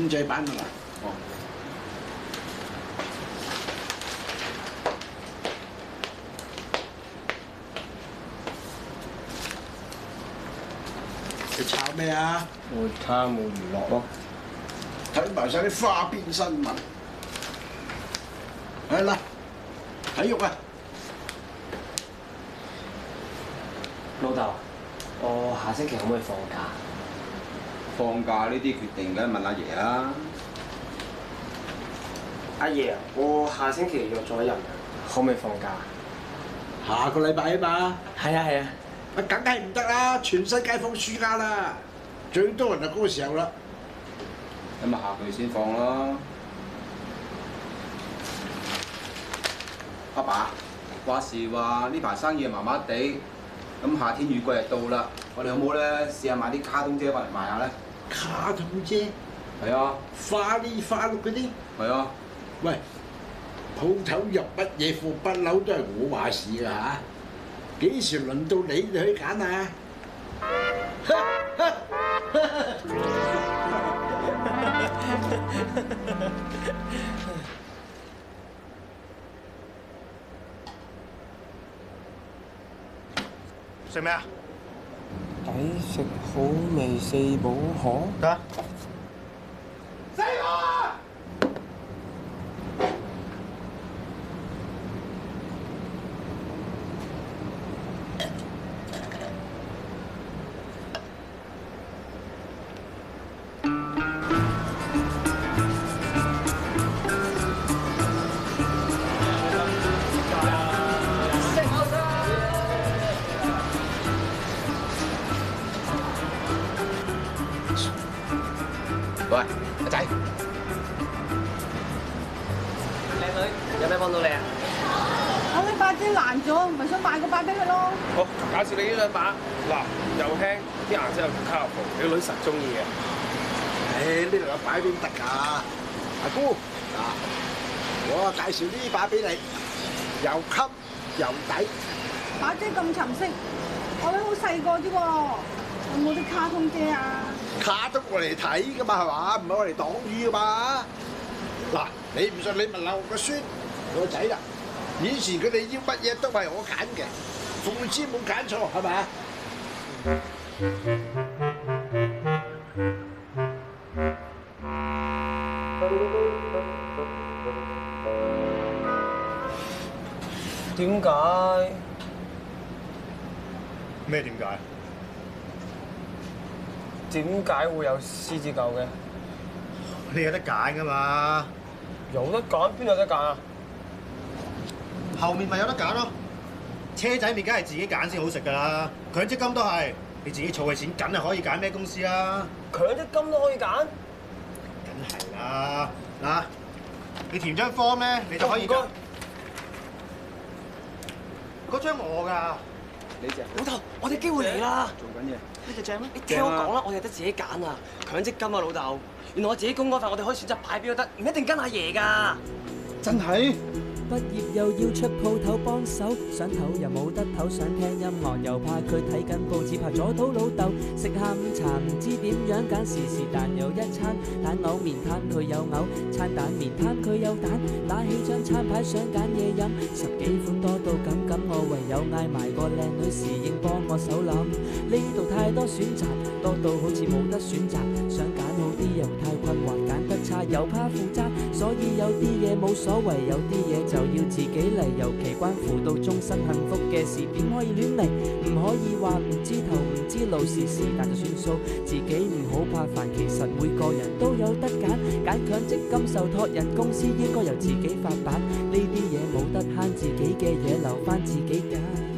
中介版度啦，哦！你炒咩啊？我炒冇娛樂咯，睇埋曬啲花邊新聞。哎嗱，體育啊！老豆，我下星期可唔可以放假？放假呢啲決定嘅問阿爺啊！阿爺，我下星期約咗人，可唔可以放假？下個禮拜啊嘛！係啊係啊，梗係唔得啦！全世界放暑假啦，最多人就嗰時候啦。咁啊，下個月先放咯。阿爸，話時話呢排生意麻麻地，咁夏天雨季又到啦，我哋有冇咧試下買啲卡通車翻嚟賣下咧？卡通啫，係啊，花哩花碌嗰啲，係啊。喂，鋪頭入乜嘢貨不嬲都係我話事㗎嚇，幾時輪到你哋去揀啊？食咩啊？抵食好味四寶河？有咩幫到你啊？我呢把遮爛咗，唔係想買個把遮佢咯。好，介紹你呢兩把嗱，又輕，啲顏色又級，啲女實中意嘅。誒、哎，呢兩把邊得㗎？阿姑，嗱，我啊介紹呢把俾你，又吸又抵。把遮咁沉色，我哋好細個啫喎，有冇啲卡通遮啊？卡都通嚟睇㗎嘛，係嘛？唔係我嚟擋雨㗎嘛。嗱，你唔信你問下我個孫。我仔啦，以前佢哋已經乜嘢都係我揀嘅，總之冇揀錯，係咪啊？點解？咩點解？點解會有獅子狗嘅？你有得揀噶嘛？有得揀邊有得揀啊？後面咪有得揀咯，車仔麵梗係自己揀先好食㗎喇，強積金都係你自己儲嘅錢，梗係可以揀咩公司啦。強積金都可以揀，梗係啦。嗱，你填張 form 咧，你就可以揀。嗰張我㗎，你只。老豆，我哋機會嚟啦。做緊嘢。你只隻咩？你聽我講啦，我有得自己揀啊，強積金啊，老豆。原來我自己供嗰份，我哋可以選擇擺表都得，唔一定跟阿爺㗎。真係。畢業又要出鋪頭幫手，想唞又冇得唞，想聽音樂又怕佢睇緊報紙，怕阻到老豆。食下午茶唔知點樣揀，時時但有一餐蛋藕麵攤佢有嘔。餐蛋麵攤佢有蛋，拿起張餐牌想揀嘢飲，十幾款多到咁咁，我唯有嗌埋個靚女侍應幫我手諗。呢度太多選擇，多到好似冇得選擇。想揀好啲又太困惑，揀得差又怕負責，所以有啲嘢冇所謂，有啲嘢就要自己嚟。尤其關乎到終身幸福嘅事，點可以亂嚟？唔可以話唔知頭唔知路事事，但就算數，自己唔好怕煩。其實每個人都有得揀，揀強職、金受託人強積金受託人公司，應該由自己發版。呢啲嘢冇得慳，自己嘅嘢留返自己揀。